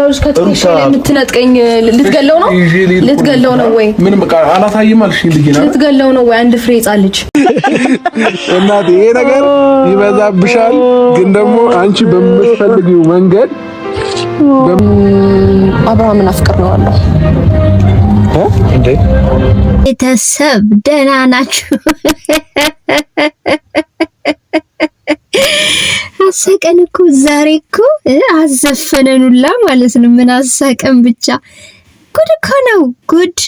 ብላውስ ከትንሽ ላይ የምትነጥቀኝ ልትገለው ነው ልትገለው ነው ወይ? ምን በቃ አላሳይም አልሽኝ። ልትገለው ነው ወይ? አንድ ፍሬ ሕፃን ልጅ እናቴ፣ ይሄ ነገር ይበዛብሻል። ግን ደግሞ አንቺ በምትፈልጊው መንገድ አብርሃምን አፍቅሬዋለሁ። ቤተሰብ ደህና ናችሁ? አሳቀን እኮ ዛሬ እኮ አዘፈነኑላ ማለት ነው። ምን አሳቀን ብቻ ጉድ እኮ ነው ጉድ።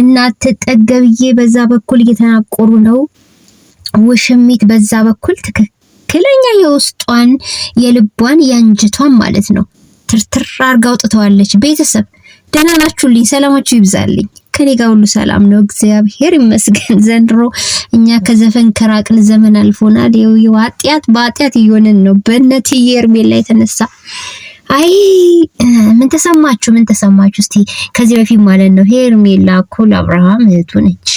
እናት ጠገብዬ በዛ በኩል እየተናቆሩ ነው። ውሽሚት በዛ በኩል ትክክለኛ የውስጧን የልቧን የአንጀቷን ማለት ነው ትርትር አርጋ አውጥተዋለች። ቤተሰብ ደህና ናችሁልኝ? ሰላማችሁ ይብዛልኝ። ከኔ ጋር ሁሉ ሰላም ነው፣ እግዚአብሔር ይመስገን። ዘንድሮ እኛ ከዘፈን ከራቅን ዘመን አልፎናል። ይኸው ኃጢአት እየሆንን ነው፣ በእነትዬ ላይ የተነሳ አይ ምን ተሰማችሁ? ምን ተሰማችሁ? እስቲ ከዚህ በፊት ማለት ነው ሄርሜላ እኮ ለአብርሃም እህቱ ነች፣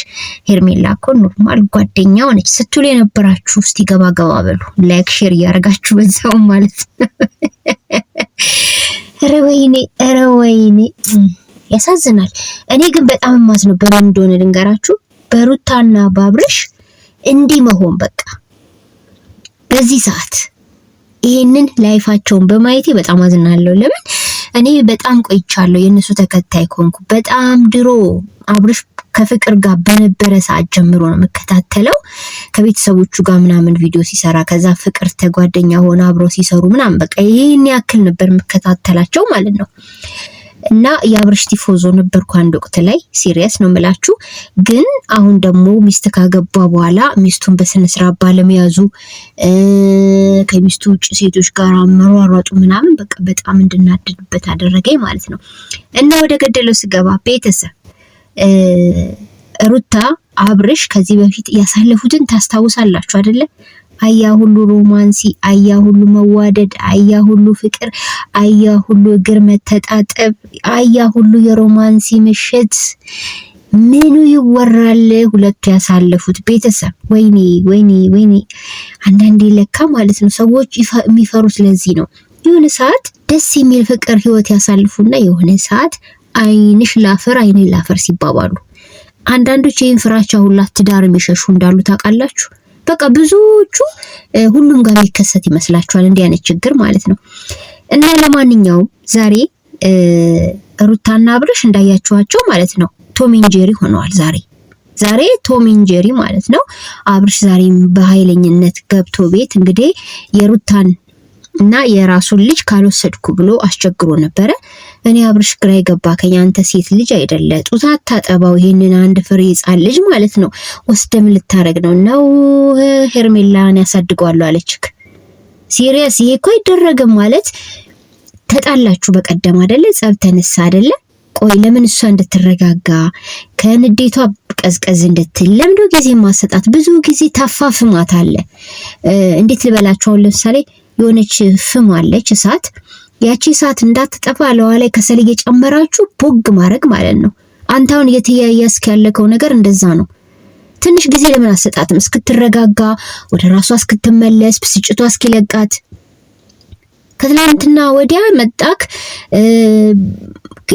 ሄርሜላ እኮ ኖርማል ጓደኛው ነች ስትሉ የነበራችሁ እስቲ ገባ ገባ በሉ። ላይክ ሼር እያደረጋችሁ በዛው ማለት ነው። ኧረ ወይኔ ኧረ ወይኔ ያሳዝናል። እኔ ግን በጣም ማዝ ነው። በምን እንደሆነ ልንገራችሁ፣ በሩታና ባብርሽ እንዲህ መሆን በቃ በዚህ ሰዓት ይሄንን ላይፋቸውን በማየቴ በጣም አዝናለሁ። ለምን እኔ በጣም ቆይቻለሁ የእነሱ ተከታይ ከሆንኩ በጣም ድሮ አብርሽ ከፍቅር ጋር በነበረ ሰዓት ጀምሮ ነው የምከታተለው ከቤተሰቦቹ ጋር ምናምን ቪዲዮ ሲሰራ ከዛ ፍቅር ተጓደኛ ሆነ አብረው ሲሰሩ ምናምን በቃ ይህን ያክል ነበር የምከታተላቸው ማለት ነው። እና የአብርሽ ቲፎዞ ነበርኩ አንድ ወቅት ላይ ሲሪየስ ነው የምላችሁ። ግን አሁን ደግሞ ሚስት ካገባ በኋላ ሚስቱን በስነ ስርዓት ባለመያዙ ከሚስቱ ውጭ ሴቶች ጋር መሯሯጡ ምናምን በቃ በጣም እንድናደድበት አደረገኝ ማለት ነው። እና ወደ ገደለው ስገባ ቤተሰብ ሩታ አብርሽ ከዚህ በፊት ያሳለፉትን ታስታውሳላችሁ አይደለ? አያ ሁሉ ሮማንሲ፣ አያ ሁሉ መዋደድ፣ አያ ሁሉ ፍቅር፣ አያ ሁሉ እግር መተጣጠብ፣ አያ ሁሉ የሮማንሲ ምሽት ምኑ ይወራል? ሁለቱ ያሳለፉት ቤተሰብ። ወይኔ ወይኔ ወይኔ! አንዳንዴ ለካ ማለት ነው ሰዎች የሚፈሩት ለዚህ ነው። የሆነ ሰዓት ደስ የሚል ፍቅር ህይወት ያሳልፉና የሆነ ሰዓት አይንሽ ላፈር አይኔ ላፈር ሲባባሉ አንዳንዶች ይህን ፍራቻ ሁላ ትዳር የሚሸሹ እንዳሉ ታውቃላችሁ። በቃ ብዙዎቹ ሁሉም ጋር የሚከሰት ይመስላችኋል እንዲህ አይነት ችግር ማለት ነው። እና ለማንኛውም ዛሬ ሩታና አብርሽ እንዳያችኋቸው ማለት ነው ቶሜን ጄሪ ሆነዋል ዛሬ ዛሬ ቶሜን ጄሪ ማለት ነው። አብርሽ ዛሬም በኃይለኝነት ገብቶ ቤት እንግዲህ የሩታን እና የራሱን ልጅ ካልወሰድኩ ብሎ አስቸግሮ ነበረ። እኔ አብርሽ ግራ የገባ አንተ ሴት ልጅ አይደለ ጡት አታጠባው፣ ይህንን አንድ ፍሬ ሕፃን ልጅ ማለት ነው ወስደም ልታረግ ነው ነው ሄርሜላን ያሳድገዋሉ አለችክ። ሲሪየስ ይሄ እኮ አይደረግም ማለት ተጣላችሁ በቀደም አደለ? ጸብ ተነሳ አይደለ? ቆይ ለምን እሷ እንድትረጋጋ ከንዴቷ ቀዝቀዝ እንድትል ለምዶ ጊዜ ማሰጣት ብዙ ጊዜ ታፋፍማት አለ። እንዴት ልበላችሁ አሁን ለምሳሌ የሆነች ፍም አለች እሳት። ያቺ እሳት እንዳትጠፋ ለዋ ላይ ከሰል እየጨመራችሁ ቦግ ማድረግ ማለት ነው። አንተ አሁን እየተያያስክ ያለከው ነገር እንደዛ ነው። ትንሽ ጊዜ ለምን አሰጣትም? እስክትረጋጋ ወደ ራሷ እስክትመለስ ብስጭቷ እስኪለቃት። ከትላንትና ወዲያ መጣክ።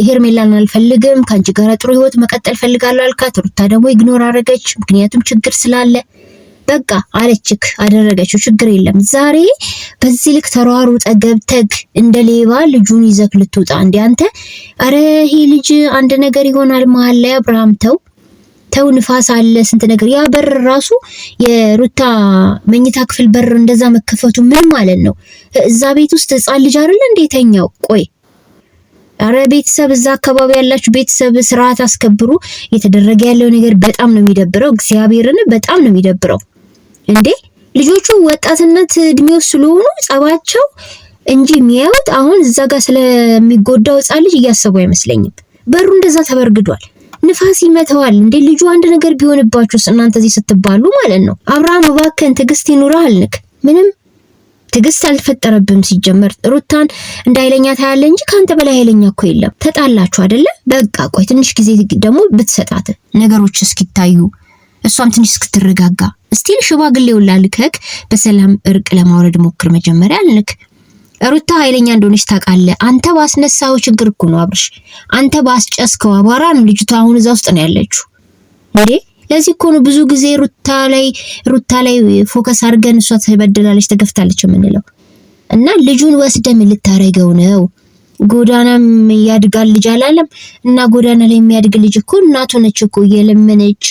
ሄርሜላን አልፈልግም፣ ከአንቺ ጋር ጥሩ ህይወት መቀጠል ፈልጋለሁ አልካት። ሩታ ደግሞ ይግኖር አረገች፣ ምክንያቱም ችግር ስላለ በቃ አለችክ፣ አደረገችው። ችግር የለም ዛሬ በዚህ ልክ ተሯሩጠ ገብተግ እንደ ሌባ ልጁን ይዘክ ልትወጣ እንዲ አንተ? አረ ይሄ ልጅ አንድ ነገር ይሆናል መሀል ላይ አብርሃም፣ ተው ተው፣ ንፋስ አለ ስንት ነገር። ያ በር ራሱ የሩታ መኝታ ክፍል በር እንደዛ መከፈቱ ምን ማለት ነው? እዛ ቤት ውስጥ ህፃን ልጅ አይደለ እንዴተኛው ቆይ አረ ቤተሰብ እዛ አካባቢ ያላችሁ ቤተሰብ ስርዓት አስከብሩ። እየተደረገ ያለው ነገር በጣም ነው የሚደብረው። እግዚአብሔርን በጣም ነው የሚደብረው። እንዴ ልጆቹ ወጣትነት እድሜ ውስጥ ስለሆኑ ጸባቸው እንጂ የሚያዩት አሁን እዛ ጋር ስለሚጎዳው ህፃን ልጅ እያሰቡ አይመስለኝም። በሩ እንደዛ ተበርግዷል። ንፋስ ይመተዋል። እንዴ ልጁ አንድ ነገር ቢሆንባችሁ እናንተ እዚህ ስትባሉ ማለት ነው። አብርሃም እባክህን ትዕግስት ይኑረህ አልንክ። ምንም ትዕግስት አልፈጠረብም። ሲጀመር ሩታን ኃይለኛ ታያለ እንጂ ከአንተ በላይ ኃይለኛ እኮ የለም። ተጣላችሁ አደለ? በቃ ቆይ ትንሽ ጊዜ ደግሞ ብትሰጣት ነገሮች እስኪታዩ እሷም ትንሽ እስክትረጋጋ እስቲል ሽማግሌውን ላልከክ በሰላም እርቅ ለማውረድ ሞክር። መጀመሪያ አልንክ ሩታ ኃይለኛ እንደሆነች ታውቃለህ። አንተ ባስነሳው ችግር እኮ ነው አብርሽ። አንተ ባስጨስከው አቧራ ነው ልጅቷ አሁን እዛ ውስጥ ነው ያለችው እንዴ። ለዚህ እኮ ነው ብዙ ጊዜ ሩታ ላይ ሩታ ላይ ፎከስ አድርገን እሷ ተበደላለች ተገፍታለች የምንለው እና ልጁን ወስደ ምን ልታረገው ነው? ጎዳናም ያድጋል ልጅ አላለም እና ጎዳና ላይ የሚያድግ ልጅ እኮ እናቱ ነች እኮ እየለመነች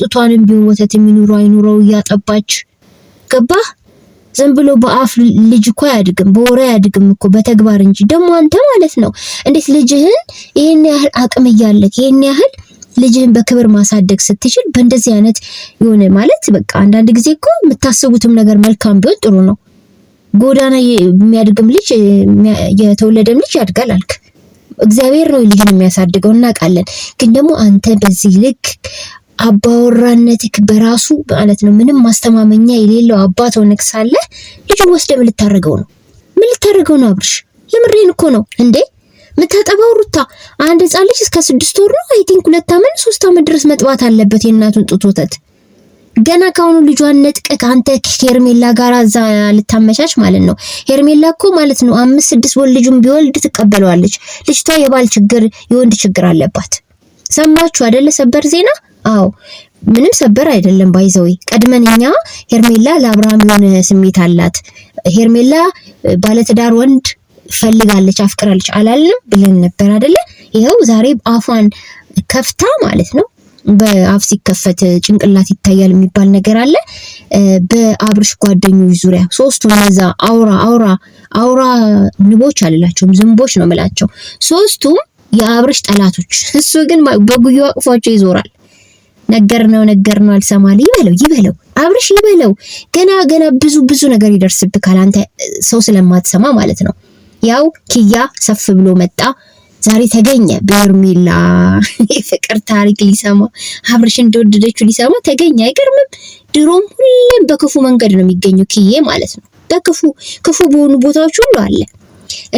ጡቷንም ቢሆን ወተት የሚኖሩ አይኖረው እያጠባች ገባ። ዝም ብሎ በአፍ ልጅ እኮ አያድግም፣ በወሬ አያድግም እኮ በተግባር እንጂ። ደግሞ አንተ ማለት ነው እንዴት ልጅህን ይህን ያህል አቅም እያለክ ይህን ያህል ልጅህን በክብር ማሳደግ ስትችል በእንደዚህ አይነት የሆነ ማለት በቃ አንዳንድ ጊዜ እኮ የምታስቡትም ነገር መልካም ቢሆን ጥሩ ነው። ጎዳና የሚያድግም ልጅ የተወለደም ልጅ ያድጋል አልክ። እግዚአብሔር ነው ልጅን የሚያሳድገው እናውቃለን። ግን ደግሞ አንተ በዚህ ልክ አባወራነትክ በራሱ ማለት ነው ምንም ማስተማመኛ የሌለው አባት ሆነክ ሳለ ልጁን ወስደ ምን ልታደርገው ነው? ምን ልታደርገው ነው? አብርሽ የምሬን እኮ ነው እንዴ ምታጠባው ሩታ አንድ ህፃን ልጅ እስከ ስድስት ወር ነው አይ ቲንክ ሁለት ዓመት ሶስት ዓመት ድረስ መጥባት አለበት የእናቱን ጡት ወተት ገና ከአሁኑ ልጇን ከአንተ ሄርሜላ ጋር እዛ ልታመቻች ማለት ነው። ሄርሜላ እኮ ማለት ነው አምስት ስድስት ወር ልጁን ቢወልድ ትቀበለዋለች። ልጅቷ የባል ችግር የወንድ ችግር አለባት። ሰማችሁ አይደለ ሰበር ዜና? አዎ ምንም ሰበር አይደለም። ባይዘዊ ቀድመን እኛ ሄርሜላ ለአብርሃም የሆነ ስሜት አላት፣ ሄርሜላ ባለትዳር ወንድ ፈልጋለች፣ አፍቅራለች አላልንም ብለን ነበር አይደለ? ይኸው ዛሬ አፏን ከፍታ ማለት ነው በአፍ ሲከፈት ጭንቅላት ይታያል የሚባል ነገር አለ። በአብርሽ ጓደኞች ዙሪያ ሶስቱ እነዛ አውራ አውራ አውራ ንቦች አልላቸውም፣ ዝንቦች ነው የምላቸው። ሶስቱም የአብርሽ ጠላቶች፣ እሱ ግን በጉያ አቅፏቸው ይዞራል። ነገር ነው ነገር ነው አልሰማል። ይበለው ይበለው፣ አብርሽ ይበለው። ገና ገና ብዙ ብዙ ነገር ይደርስብካል አንተ ሰው ስለማትሰማ ማለት ነው። ያው ኪያ ሰፍ ብሎ መጣ። ዛሬ ተገኘ በሄርሜላ የፍቅር ታሪክ ሊሰማ አብርሽ እንደወደደችው ሊሰማ ተገኘ። አይገርምም? ድሮም ሁሌም በክፉ መንገድ ነው የሚገኘው ኪዬ ማለት ነው። በክፉ ክፉ በሆኑ ቦታዎች ሁሉ አለ።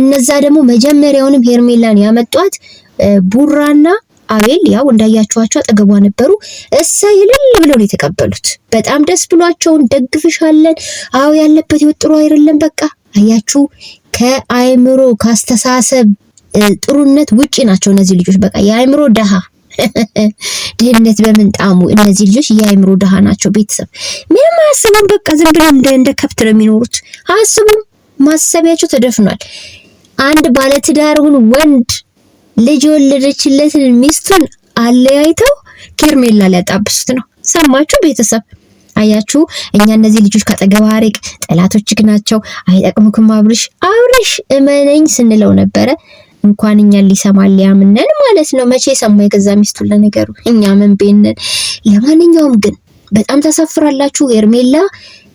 እነዛ ደግሞ መጀመሪያውንም ሄርሜላን ያመጧት ቡራና አቤል ያው እንዳያችኋቸው አጠገቧ ነበሩ። እሰይ ይልል ብለው ነው የተቀበሉት። በጣም ደስ ብሏቸውን ደግፍሻለን። አዎ ያለበት ይወጥሩ አይደለም። በቃ አያችሁ ከአይምሮ ካስተሳሰብ ጥሩነት ውጪ ናቸው እነዚህ ልጆች። በቃ የአእምሮ ደሃ ድህነት በምንጣሙ እነዚህ ልጆች የአእምሮ ደሃ ናቸው። ቤተሰብ ምንም አያስቡም። በቃ ዝም ብለው እንደ ከብት ነው የሚኖሩት። አያስቡም። ማሰቢያቸው ተደፍኗል። አንድ ባለትዳርሁን ወንድ ልጅ የወለደችለትን ሚስቱን አለያይተው ኬርሜላ ሊያጣብሱት ነው። ሰማችሁ ቤተሰብ? አያችሁ እኛ እነዚህ ልጆች ከአጠገብ አርቅ፣ ጠላቶች ናቸው፣ አይጠቅሙክም። አብርሽ አብርሽ እመነኝ ስንለው ነበረ። እንኳን እኛን ሊሰማ ሊያምነን ማለት ነው። መቼ ሰማ የገዛ ሚስቱ። ለነገሩ እኛ ምን ቤነን። ለማንኛውም ግን በጣም ታሳፍራላችሁ ሄርሜላ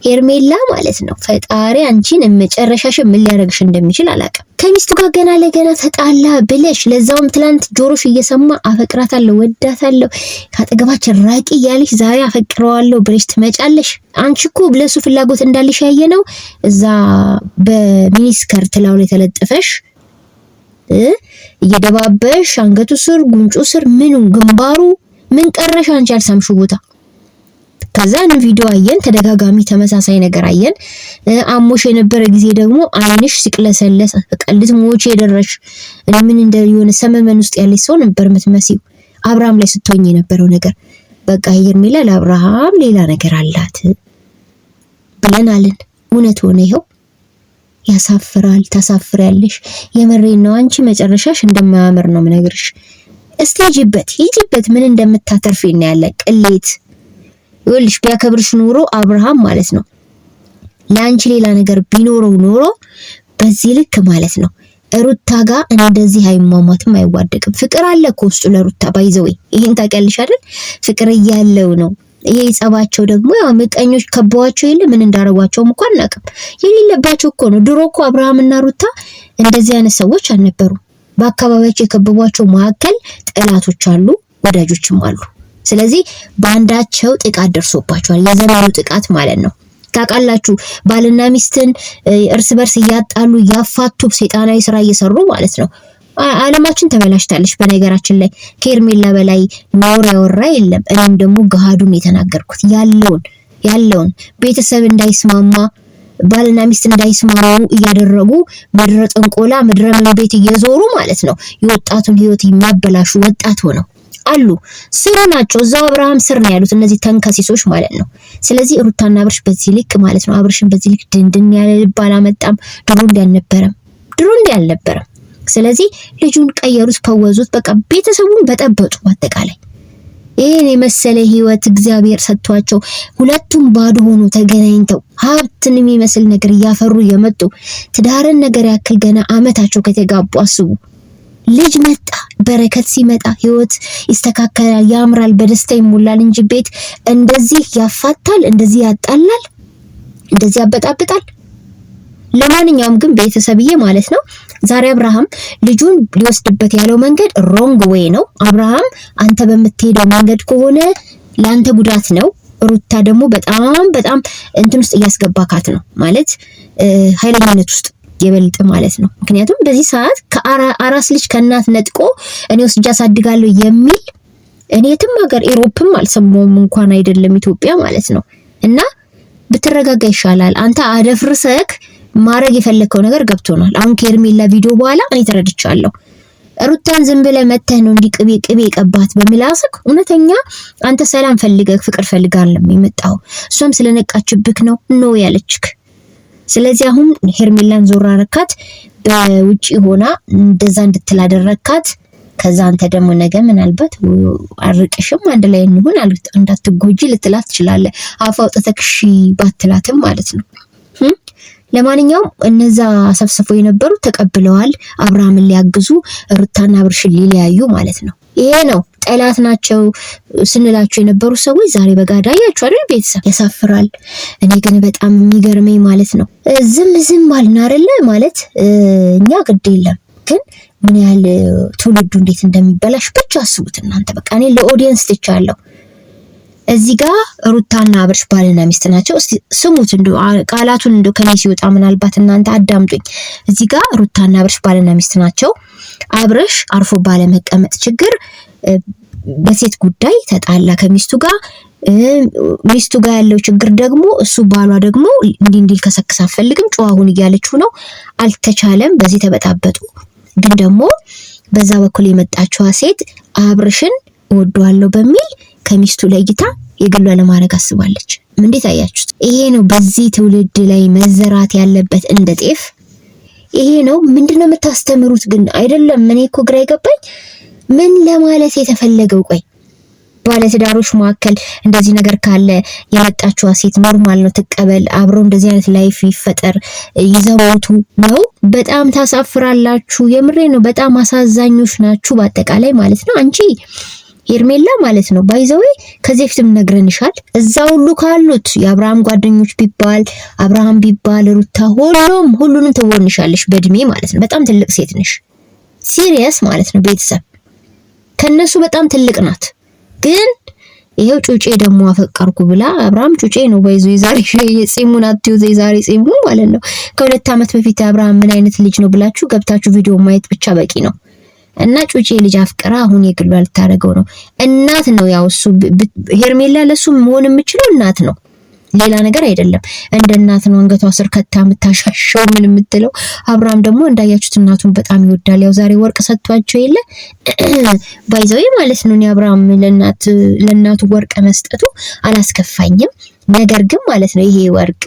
ሄርሜላ ማለት ነው። ፈጣሪ አንቺን መጨረሻሽ ምን ሊያደርግሽ እንደሚችል አላውቅም። ከሚስቱ ጋር ገና ለገና ተጣላ ብለሽ ለዛውም ትላንት ጆሮሽ እየሰማ አፈቅራታለሁ፣ ወዳታለሁ፣ ከአጠገባችን ራቂ እያለሽ ዛሬ አፈቅረዋለሁ ብለሽ ትመጫለሽ። አንቺ እኮ ለሱ ፍላጎት እንዳለሽ ያየ ነው እዛ በሚኒስከር ትላውል ላይ እየደባበሽ አንገቱ ስር፣ ጉንጩ ስር፣ ምኑ ግንባሩ ምን ቀረሽ አንቺ ያልሳምሹ ቦታ። ከዛን ቪዲዮ አየን፣ ተደጋጋሚ ተመሳሳይ ነገር አየን። አሞሽ የነበረ ጊዜ ደግሞ አይንሽ ሲቅለሰለስ ቀልት ሞቼ የደረሽ ምን እንደ የሆነ ሰመመን ውስጥ ያለች ሰው ነበር የምትመስይው። አብርሃም ላይ ስትሆኝ የነበረው ነገር በቃ ሄርሜላ ለአብርሃም ሌላ ነገር አላት ብለን አለን። እውነት ሆነ ይኸው። ያሳፍራል። ታሳፍሪያለሽ። የምሬን ነው። አንቺ መጨረሻሽ እንደማያምር ነው ምነግርሽ። እስቲ ሂጂበት፣ ሂጂበት ምን እንደምታተርፊ እናያለን። ቅሌት ይኸውልሽ፣ ቢያከብርሽ ኑሮ አብርሃም ማለት ነው ለአንቺ ሌላ ነገር ቢኖረው ኖሮ በዚህ ልክ ማለት ነው ሩታ ጋር እንደዚህ አይሟሟትም፣ አይዋደቅም። ፍቅር አለ እኮ ውስጡ ለሩታ ባይዘወይ፣ ይሄን ታውቂያለሽ አይደል? ፍቅር እያለው ነው ይሄ ጸባቸው ደግሞ ያው ምቀኞች ከበዋቸው የለ ምን እንዳረጓቸውም እኮ አናውቅም። የሌለባቸው እኮ ነው። ድሮ እኮ አብርሃምና ሩታ እንደዚህ አይነት ሰዎች አልነበሩም። በአካባቢያቸው የከበቧቸው መካከል ጠላቶች አሉ፣ ወዳጆችም አሉ። ስለዚህ በአንዳቸው ጥቃት ደርሶባቸዋል። የዘመኑ ጥቃት ማለት ነው። ታውቃላችሁ ባልና ሚስትን እርስ በርስ እያጣሉ እያፋቱ ሴጣናዊ ስራ እየሰሩ ማለት ነው። አለማችን ተበላሽታለች። በነገራችን ላይ ከሄርሜላ በላይ ነውር ያወራ የለም። እኔም ደግሞ ገሃዱን የተናገርኩት ያለውን ያለውን ቤተሰብ እንዳይስማማ ባልና ሚስት እንዳይስማሙ እያደረጉ ምድረ ጥንቆላ ምድረ ምን እየዞሩ ማለት ነው የወጣቱን ህይወት የሚያበላሹ ወጣት ሆነው አሉ ስሩ ናቸው። እዛው አብርሃም ስር ነው ያሉት እነዚህ ተንከሲሶች ማለት ነው። ስለዚህ ሩታና አብርሽ በዚህ ልክ ማለት ነው አብርሽን በዚህ ልክ ድንድን ያለ ልብ አላመጣም። ድሮ እንዲያልነበረም ድሮ እንዲያልነበረም ስለዚህ ልጁን ቀየሩት፣ ፈወዙት፣ በቃ ቤተሰቡን በጠበጡ። አጠቃላይ ይህን የመሰለ ህይወት እግዚአብሔር ሰጥቷቸው ሁለቱም ባዶ ሆኖ ተገናኝተው ሀብትን የሚመስል ነገር እያፈሩ እየመጡ ትዳርን ነገር ያክል ገና አመታቸው ከተጋቡ አስቡ። ልጅ መጣ፣ በረከት ሲመጣ ህይወት ይስተካከላል፣ ያምራል፣ በደስታ ይሞላል እንጂ ቤት እንደዚህ ያፋታል፣ እንደዚህ ያጣላል፣ እንደዚህ ያበጣብጣል። ለማንኛውም ግን ቤተሰብዬ ማለት ነው ዛሬ አብርሃም ልጁን ሊወስድበት ያለው መንገድ ሮንግ ዌይ ነው። አብርሃም አንተ በምትሄደው መንገድ ከሆነ ለአንተ ጉዳት ነው። ሩታ ደግሞ በጣም በጣም እንትን ውስጥ እያስገባካት ነው ማለት ኃይለኝነት ውስጥ የበልጥ ማለት ነው። ምክንያቱም በዚህ ሰዓት ከአራስ ልጅ ከእናት ነጥቆ እኔ ወስጄ አሳድጋለሁ የሚል እኔ የትም ሀገር ኢሮፕም አልሰማውም እንኳን አይደለም ኢትዮጵያ ማለት ነው። እና ብትረጋጋ ይሻላል አንተ አደፍርሰክ ማድረግ የፈለግከው ነገር ገብቶናል። አሁን ከሄርሜላ ቪዲዮ በኋላ እኔ ተረድቻለሁ። ሩታን ዝም ብለህ መተህ ነው እንዲህ ቅቤ ቅቤ ቀባት በሚላስክ እውነተኛ አንተ ሰላም ፈልገህ ፍቅር ፈልገህ አለም የመጣው እሷም ስለነቃችብክ ነው ኖ ያለችክ። ስለዚህ አሁን ሄርሜላን ዞር አረካት፣ በውጪ ሆና እንደዛ እንድትላደረካት። ከዛ አንተ ደግሞ ነገ ምናልባት አርቅሽም አንድ ላይ እንሆን እንዳትጎጂ ልትላት ትችላለህ። አፋ አውጥተህ እሺ ባትላትም ማለት ነው። ለማንኛውም እነዛ ሰብስበው የነበሩት ተቀብለዋል። አብርሃምን ሊያግዙ ሩታና ብርሽ ሊለያዩ ማለት ነው። ይሄ ነው ጠላት ናቸው ስንላቸው የነበሩ ሰዎች ዛሬ በጋዳ ያያችሁ ቤተሰብ ያሳፍራል። እኔ ግን በጣም የሚገርመኝ ማለት ነው ዝም ዝም አልን ማለት እኛ ግድ የለም ግን ምን ያህል ትውልዱ እንዴት እንደሚበላሽ ብቻ አስቡት እናንተ። በቃ እኔ ለኦዲየንስ ትቻለሁ። እዚህ ጋር ሩታና አብርሽ ባልና ሚስት ናቸው። ስሙት፣ እንዶ ቃላቱን እንዶ ከኔ ሲወጣ ምናልባት እናንተ አዳምጡኝ። እዚህ ጋር ሩታና አብርሽ ባልና ሚስት ናቸው። አብርሽ አርፎ ባለመቀመጥ ችግር በሴት ጉዳይ ተጣላ ከሚስቱ ጋር። ሚስቱ ጋር ያለው ችግር ደግሞ እሱ ባሏ ደግሞ እንዲህ እንዲል ከሰክስ አልፈልግም ጨዋሁን እያለችው ነው። አልተቻለም። በዚህ ተበጣበጡ። ግን ደግሞ በዛ በኩል የመጣችዋ ሴት አብርሽን እወደዋለሁ በሚል ከሚስቱ ለይታ የግሏ ለማድረግ አስባለች። እንዴት አያችሁት? ይሄ ነው በዚህ ትውልድ ላይ መዘራት ያለበት እንደ ጤፍ። ይሄ ነው ምንድነው የምታስተምሩት? ግን አይደለም። እኔ እኮ ግራ ይገባኝ ምን ለማለት የተፈለገው? ቆይ ባለትዳሮች መካከል እንደዚህ ነገር ካለ የመጣችዋ ሴት ኖርማል ነው ትቀበል፣ አብሮ እንደዚህ አይነት ላይፍ ይፈጠር፣ ይዘወቱ ነው። በጣም ታሳፍራላችሁ። የምሬ ነው። በጣም አሳዛኞች ናችሁ፣ በአጠቃላይ ማለት ነው አንቺ ሄርሜላ ማለት ነው ባይዘዌ ከዚህ ፊትም ነግረንሻል። እዛ ሁሉ ካሉት የአብርሃም ጓደኞች ቢባል አብርሃም ቢባል ሩታ ሁሉም ሁሉንም ትወንሻለሽ በእድሜ ማለት ነው። በጣም ትልቅ ሴት ነሽ። ሲሪየስ ማለት ነው ቤተሰብ ከነሱ በጣም ትልቅ ናት። ግን ይሄው ጩጬ ደግሞ አፈቀርኩ ብላ አብርሃም ጩጬ ነው ባይዞ የዛሬ የጺሙን አትዩዘ የዛሬ ጺሙ ማለት ነው ከሁለት ዓመት በፊት አብርሃም ምን አይነት ልጅ ነው ብላችሁ ገብታችሁ ቪዲዮ ማየት ብቻ በቂ ነው። እና ጩጬ ልጅ አፍቅራ አሁን የግሏ ልታደርገው ነው። እናት ነው ያው እሱ ሄርሜላ ለሱ መሆን የምችለው እናት ነው፣ ሌላ ነገር አይደለም። እንደ እናት ነው አንገቷ ስር ከታ የምታሻሸው ምን የምትለው። አብርሃም ደግሞ እንዳያችሁት እናቱን በጣም ይወዳል። ያው ዛሬ ወርቅ ሰጥቷቸው የለ ባይዘው ማለት ነው። አብርሃም ለእናቱ ወርቅ መስጠቱ አላስከፋኝም። ነገር ግን ማለት ነው ይሄ ወርቅ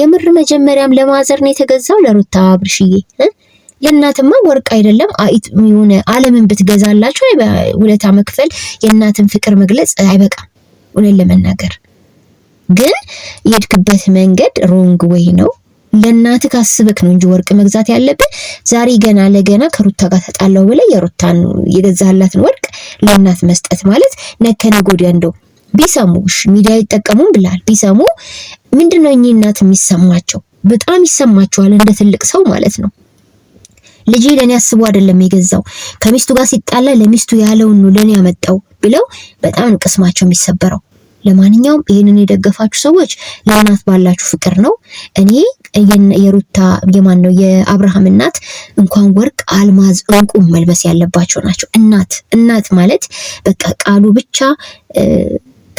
የምር መጀመሪያም ለማዘር ነው የተገዛው ለሩታ አብርሽዬ ለእናትማ ወርቅ አይደለም አይት የሆነ ዓለምን ብትገዛላቸው ውለታ መክፈል የእናትን ፍቅር መግለጽ አይበቃም። እውነት ለመናገር ግን የሄድክበት መንገድ ሮንግ ወይ ነው። ለእናት ካስበክ ነው እንጂ ወርቅ መግዛት ያለብህ ዛሬ ገና ለገና ከሩታ ጋር ተጣላው ብለህ የሩታን የገዛላትን ወርቅ ለእናት መስጠት ማለት ነገ ከነገ ወዲያ እንደው ቢሰሙሽ ሚዲያ ይጠቀሙም ብላል። ቢሰሙ ምንድነው እኚህ እናት የሚሰማቸው? በጣም ይሰማቸዋል እንደ ትልቅ ሰው ማለት ነው። ልጄ ለኔ አስቦ አይደለም የገዛው ከሚስቱ ጋር ሲጣላ ለሚስቱ ያለውን ነው ለኔ ያመጣው ብለው በጣም ቅስማቸው የሚሰበረው። ለማንኛውም ይህንን የደገፋችሁ ሰዎች ለእናት ባላችሁ ፍቅር ነው። እኔ የሩታ የማን ነው የአብርሃም እናት እንኳን ወርቅ፣ አልማዝ፣ እንቁ መልበስ ያለባቸው ናቸው። እናት እናት ማለት በቃ ቃሉ ብቻ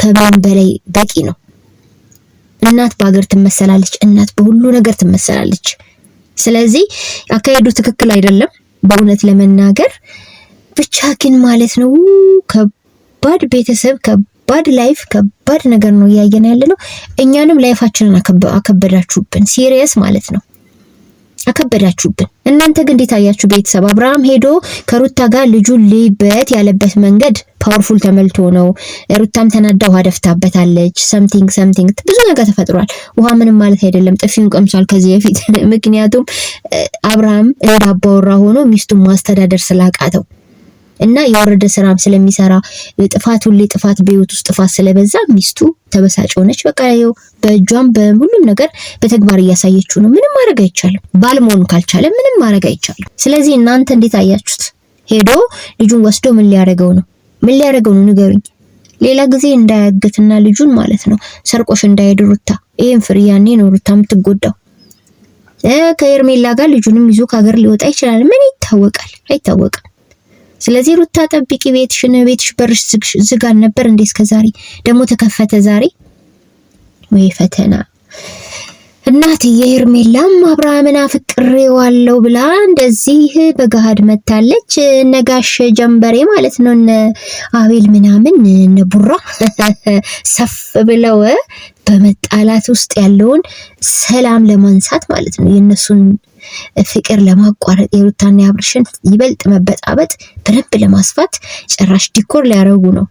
ከምን በላይ በቂ ነው። እናት በሀገር ትመሰላለች። እናት በሁሉ ነገር ትመሰላለች። ስለዚህ አካሄዱ ትክክል አይደለም በእውነት ለመናገር ብቻ ግን ማለት ነው ከባድ ቤተሰብ ከባድ ላይፍ ከባድ ነገር ነው እያየን ያለ ነው። እኛንም ላይፋችንን አከበዳችሁብን ሲሪየስ ማለት ነው። አከበዳችሁብን። እናንተ ግን እንዴት አያችሁ? ቤተሰብ አብርሃም ሄዶ ከሩታ ጋር ልጁ ሊበት ያለበት መንገድ ፓወርፉል ተመልቶ ነው። ሩታም ተናዳ ውሃ ደፍታበታለች። ሰምቲንግ ሰምቲንግ ብዙ ነገር ተፈጥሯል። ውሃ ምንም ማለት አይደለም፣ ጥፊውን ቀምሷል ከዚህ በፊት ምክንያቱም አብርሃም እንዳባወራ ሆኖ ሚስቱን ማስተዳደር ስላቃተው እና የወረደ ስራም ስለሚሰራ ጥፋት ሁሌ ጥፋት በህይወት ውስጥ ጥፋት ስለበዛ ሚስቱ ተበሳጭ ሆነች። በቃ ያው በእጇም በሁሉም ነገር በተግባር እያሳየችው ነው። ምንም ማድረግ አይቻልም። ባልመሆኑ ካልቻለ ምንም ማድረግ አይቻልም። ስለዚህ እናንተ እንዴት አያችሁት? ሄዶ ልጁን ወስዶ ምን ሊያደርገው ነው? ምን ሊያደርገው ነው ንገሩኝ። ሌላ ጊዜ እንዳያግትና ልጁን ማለት ነው ሰርቆሽ እንዳይሄድ ሩታ። ይሄን ፍሪ፣ ያኔ ነው ሩታ የምትጎዳው። ከኤርሜላ ጋር ልጁንም ይዞ ከሀገር ሊወጣ ይችላል። ምን ይታወቃል? አይታወቅም። ስለዚህ ሩታ ጠብቂ፣ ቤትሽን ቤትሽ በርሽ ዝግ አልነበር እንዴ? እስከ ዛሬ ደግሞ ተከፈተ ዛሬ። ወይ ፈተና! እናት የሄርሜላም አብርሃምን አፍቅሬዋለሁ ብላ እንደዚህ በገሃድ መታለች። ነጋሽ ጀንበሬ ማለት ነው እነ አቤል ምናምን እነ ቡራ ሰፍ ብለው በመጣላት ውስጥ ያለውን ሰላም ለማንሳት ማለት ነው የእነሱን ፍቅር ለማቋረጥ የሩታና የአብርሽን ይበልጥ መበጣበጥ በደንብ ለማስፋት ጭራሽ ዲኮር ሊያረጉ ነው።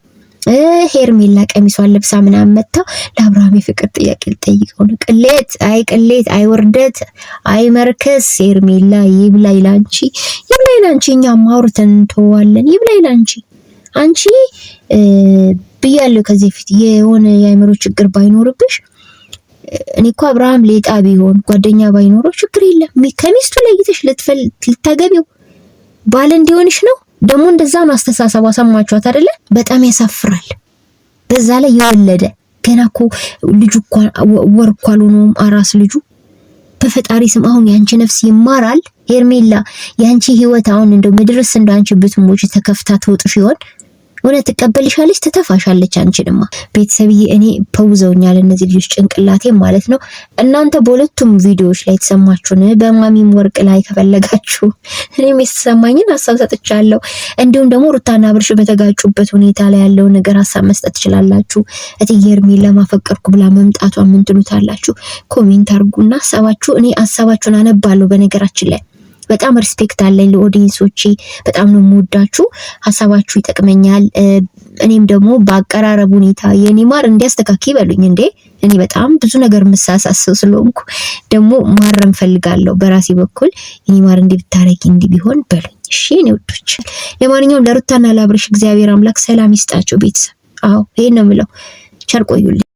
ሄርሜላ ቀሚሷን ለብሳ ምናምን መታ ለአብርሃም የፍቅር ጥያቄ ልጠይቀው ነው። ቅሌት አይ ቅሌት አይ ውርደት አይ መርከስ። ሄርሜላ ይብላኝ ላንቺ፣ ይብላኝ ላንቺ። እኛም ማውርተን እንተዋለን። ይብላኝ ላንቺ አንቺ ብያለሁ ከዚህ ፊት የሆነ የአይምሮ ችግር ባይኖርብሽ እኔ እኮ አብርሃም ሌጣ ቢሆን ጓደኛ ባይኖረው ችግር የለም። ከሚስቱ ለይተሽ ልታገቢው ባል እንዲሆንሽ ነው። ደግሞ እንደዛ ነው አስተሳሰቧ። ሰማችኋት አይደለ? በጣም ያሳፍራል። በዛ ላይ የወለደ ገና እኮ ልጁ ወር እኮ አልሆነውም፣ አራስ ልጁ። በፈጣሪ ስም አሁን ያንቺ ነፍስ ይማራል ሄርሜላ። የአንቺ ህይወት አሁን እንደው ምድርስ እንደ አንቺ ብትሞች ተከፍታ ትወጥሽ ይሆን? እውነት ትቀበልሻለች ትተፋሻለች። አንችልማ ቤተሰብዬ፣ እኔ ፐውዘውኛል እነዚህ ልጆች ጭንቅላቴ ማለት ነው። እናንተ በሁለቱም ቪዲዮዎች ላይ የተሰማችሁን በማሚም ወርቅ ላይ ከፈለጋችሁ እኔም የተሰማኝን ሀሳብ ሰጥቻለሁ። እንዲሁም ደግሞ ሩታና ብርሽ በተጋጩበት ሁኔታ ላይ ያለው ነገር ሀሳብ መስጠት ትችላላችሁ። እትዬ ሄርሜላ ለማፈቀርኩ ብላ መምጣቷ ምን ትሉታላችሁ? ኮሜንት አርጉና ሀሳባችሁ እኔ ሀሳባችሁን አነባለሁ በነገራችን ላይ በጣም ሪስፔክት አለኝ ለኦዲየንሶቼ። በጣም ነው የምወዳችሁ። ሀሳባችሁ ይጠቅመኛል። እኔም ደግሞ በአቀራረብ ሁኔታ የኔ ማር እንዲያስተካክ ይበሉኝ እንዴ። እኔ በጣም ብዙ ነገር የምሳሳሰው ስለሆንኩ ደግሞ ማረም ፈልጋለሁ በራሴ በኩል። የኔ ማር እንዲህ ብታረጊ እንዲህ ቢሆን በሉኝ እሺ። እኔ ወዶች ለማንኛውም ለሩታና ለአብርሽ እግዚአብሔር አምላክ ሰላም ይስጣቸው ቤተሰብ። አዎ ይሄን ነው የምለው። ቸር ቆዩልኝ።